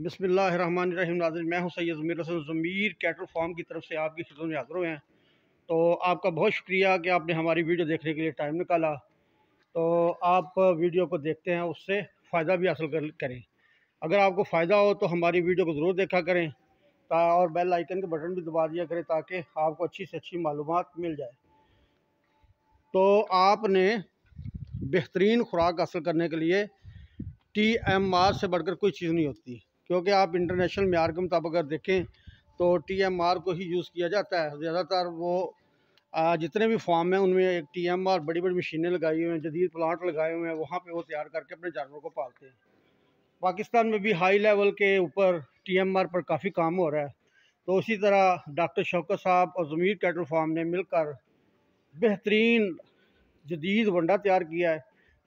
बसमिल नाजिल मैं हूँ सैद ज़मीर हसन ज़मीर कैटल फार्म की तरफ से आपकी खिदमत में हाजिर हुए हैं तो आपका बहुत शुक्रिया कि आपने हमारी वीडियो देखने के लिए टाइम निकाला तो आप वीडियो को देखते हैं उससे फ़ायदा भी हासिल कर करें अगर आपको फ़ायदा हो तो हमारी वीडियो को ज़रूर देखा करें और बेल आइकन के बटन भी दबा दिया करें ताकि आपको अच्छी से अच्छी मालूम मिल जाए तो आपने बेहतरीन खुराक हासिल करने के लिए टी एम आर से बढ़कर कोई चीज़ नहीं होती क्योंकि आप इंटरनेशनल मैार के मुताबिक अगर देखें तो टी एम आर को ही यूज़ किया जाता है ज़्यादातर वो जितने भी फार्म हैं उनमें एक टी एम आर बड़ी बड़ी मशीनें लगाई हुई हैं जदीद प्लांट लगाए हुए हैं वहाँ पर वो तैयार करके अपने जानवरों को पालते हैं पाकिस्तान में भी हाई लेवल के ऊपर टी एम आर पर काफ़ी काम हो रहा है तो उसी तरह डॉक्टर शौकत साहब और ज़मीर कैटल फार्म ने मिलकर बेहतरीन जदीद वंडा तैयार किया है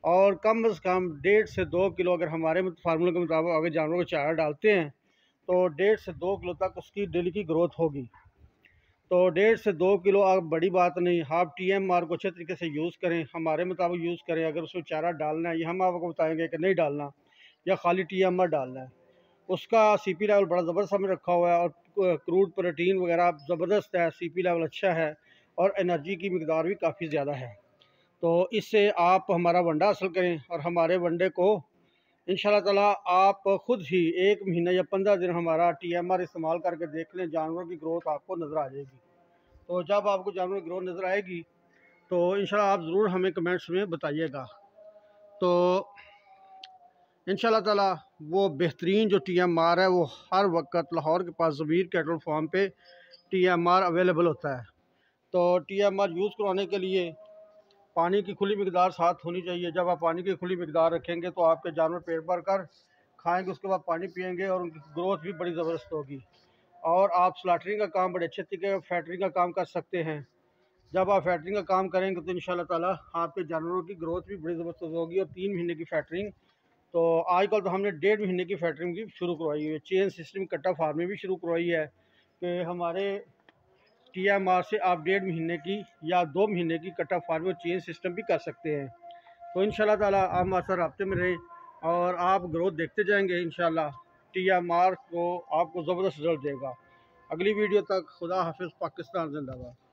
और कम से कम डेढ़ से दो किलो अगर हमारे फार्मूले के मुताबिक अगर जानवरों को चारा डालते हैं तो डेढ़ से दो किलो तक उसकी डेली की ग्रोथ होगी तो डेढ़ से दो किलो अब बड़ी बात नहीं हाफ टी एम आर को अच्छे तरीके से यूज़ करें हमारे मुताबिक यूज़ करें अगर उसमें चारा डालना है ये हम आपको बताएंगे कि नहीं डालना या खाली टी एम आर डालना है उसका सी पी लेवल बड़ा ज़बरदस्त हमें रखा हुआ है और क्रूड प्रोटीन वगैरह ज़बरदस्त है सी पी लेवल अच्छा है और एनर्जी की मकदार भी काफ़ी ज़्यादा है तो इससे आप हमारा वंडा हासिल करें और हमारे वंडे को इन ताला आप ख़ुद ही एक महीना या पंद्रह दिन हमारा टी एम आर इस्तेमाल करके देख लें जानवरों की ग्रोथ आपको नज़र आ जाएगी तो जब आपको जानवरों की ग्रोथ नज़र आएगी तो इन आप ज़रूर हमें कमेंट्स में बताइएगा तो इन ताला वो बेहतरीन जो टी एम आर है वो हर वक्त लाहौर के पास ज़मीर कैटल फार्म पर टी एम आर अवेलेबल होता है तो टी एम आर यूज़ करवाने के लिए पानी की खुली मकदार साथ होनी चाहिए जब आप पानी की खुली मकदार रखेंगे तो आपके जानवर पेट भर कर खाएँगे उसके बाद पानी पियेंगे और उनकी ग्रोथ भी बड़ी ज़बरदस्त होगी और आप स्लाटरिंग का काम बड़े अच्छे तरीके फैटरिंग का काम कर सकते हैं जब आप फैटरिंग का काम करेंगे तो इन तला आपके जानवरों की ग्रोथ भी बड़ी ज़बरदस्त होगी और तीन महीने की फैटरिंग तो आजकल तो हमने डेढ़ महीने की फैटरिंग भी शुरू करवाई है चेन सिस्टम कट्टा फार्मिंग भी शुरू करवाई है कि हमारे आर से आप डेढ़ महीने की या दो महीने की cut off farmer change system भी कर सकते हैं तो इन तला आप हमारे साथ रबते में रहें और आप ग्रोथ देखते जाएंगे इन आर को आपको ज़बरदस्त रिजल्ट देगा अगली वीडियो तक खुदा हाफिज़ पाकिस्तान जिंदाबाद